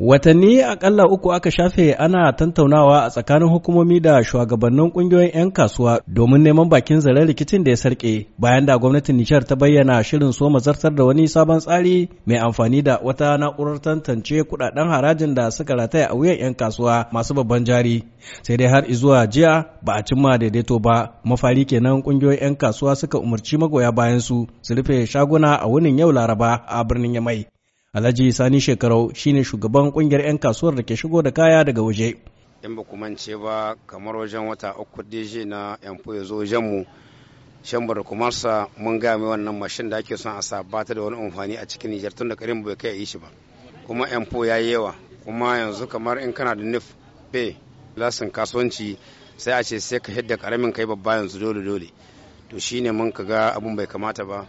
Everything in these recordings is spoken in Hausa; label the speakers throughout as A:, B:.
A: Watanni akalla uku aka shafe ana tantaunawa a tsakanin hukumomi da shugabannin kungiyoyin 'yan kasuwa domin neman bakin zare rikicin da ya sarke bayan da gwamnatin Nijar ta bayyana shirin so mazartar da wani sabon tsari mai amfani da wata na'urar tantance kudaden harajin da suka rataya a wuyan 'yan kasuwa masu babban jari. Sai dai har zuwa jiya ba a cimma daidaito ba mafari kenan kungiyoyin 'yan kasuwa suka umarci magoya bayan su su rufe shaguna a wunin yau Laraba a birnin Yamai. Alhaji Sani Shekarau shine shugaban kungiyar 'yan kasuwar da ke shigo da kaya daga waje.
B: In ba kumance ba kamar wajen wata uku DJ na yan ya zo wajen mu shambar kumarsa mun ga mai wannan mashin da ake son a sa ba da wani amfani a cikin Nijar tun da karin bai kai yi shi ba. Kuma yanfu ya yi yawa kuma yanzu kamar in kana da nif pay lasin kasuwanci sai a ce sai ka hidda karamin kai babba yanzu dole dole to shine mun ka ga abun bai kamata ba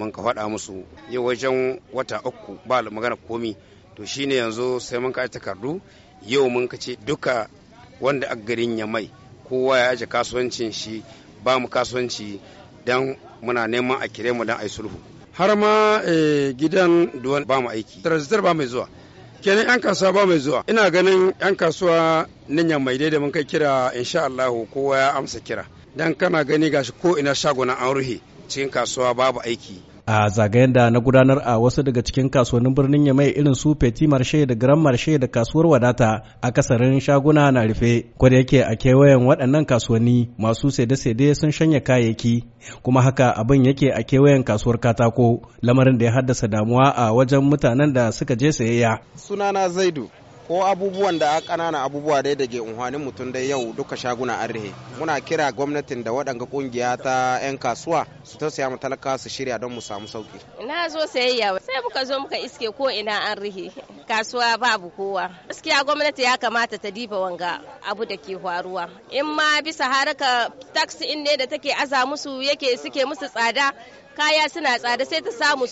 B: mun ka faɗa musu yau wajen wata uku ba magana komi to shine yanzu sai mun ka takardu yau mun ka ce duka wanda a garin ya mai kowa ya aje kasuwancin shi ba mu kasuwanci don muna neman a kire mu don ai sulhu har ma eh, gidan duwan ba mu aiki transitor ba mai zuwa kenan yan kasuwa ba mai zuwa ina ganin yan kasuwa ninya mai da mun kai kira insha Allah kowa ya amsa kira dan kana gani gashi ko ina shagunan an ruhe cikin kasuwa babu
A: aiki a zagayen da na gudanar a wasu daga cikin kasuwannin birnin ya mai irin su petit marshe da grand marshe da kasuwar wadata a kasarin shaguna na rufe kwada yake a kewayen waɗannan kasuwanni masu saide-saide sun shanya kayayyaki kuma haka abin yake a kewayen kasuwar katako lamarin da ya haddasa damuwa a wajen mutanen da suka je sayayya sunana
B: zaidu ko abubuwan da ƙanana abubuwa dai da ke unhwanin mutum dai yau duka shaguna an rihe muna kira gwamnatin da waɗanga ƙungiya ta 'yan kasuwa su ta mu talaka su shirya don mu samu sauki
A: na zo sayayya sai muka zo muka iske ko ina an rihe kasuwa babu kowa gaskiya gwamnati ya kamata ta diba wanga abu da ke faruwa in ma bisa haraka tax in ne da take aza musu yake suke musu tsada kaya suna tsada sai ta samu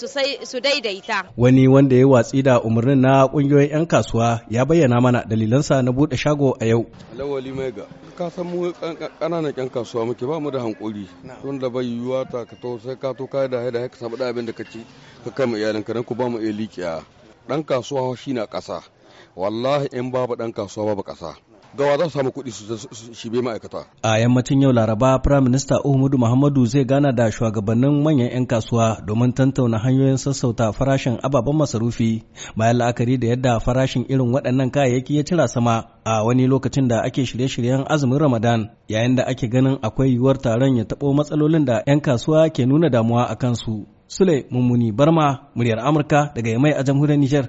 A: su daidaita. Wani wanda ya watsi da umarnin na kungiyoyin 'yan kasuwa ya bayyana mana dalilansa na buɗe shago a yau. Lawali mai ga ka san mu
B: ƙananan 'yan kasuwa muke ba mu da hankuri tun da bai yiwuwa ta ka to sai ka to ka da haida ka samu da abin da ka ci ka kai mu iyalinka ka ku ba mu iya liƙiya. Ɗan kasuwa shi na ƙasa wallahi in babu ɗan kasuwa babu ƙasa. gawa za su samu kuɗi su shibe ma'aikata.
A: A yammacin yau Laraba, Firayim Minista Uhumudu Muhammadu zai gana da shugabannin manyan 'yan kasuwa domin tantauna hanyoyin sassauta farashin ababen masarufi bayan la'akari da yadda farashin irin waɗannan kayayyaki ya cira sama a wani lokacin da ake shirye-shiryen azumin Ramadan yayin da ake ganin akwai yiwuwar taron ya taɓo matsalolin da 'yan kasuwa ke nuna damuwa a kansu. Sule Mummuni Barma, muryar Amurka daga Yamai a jamhuriyar Nijar.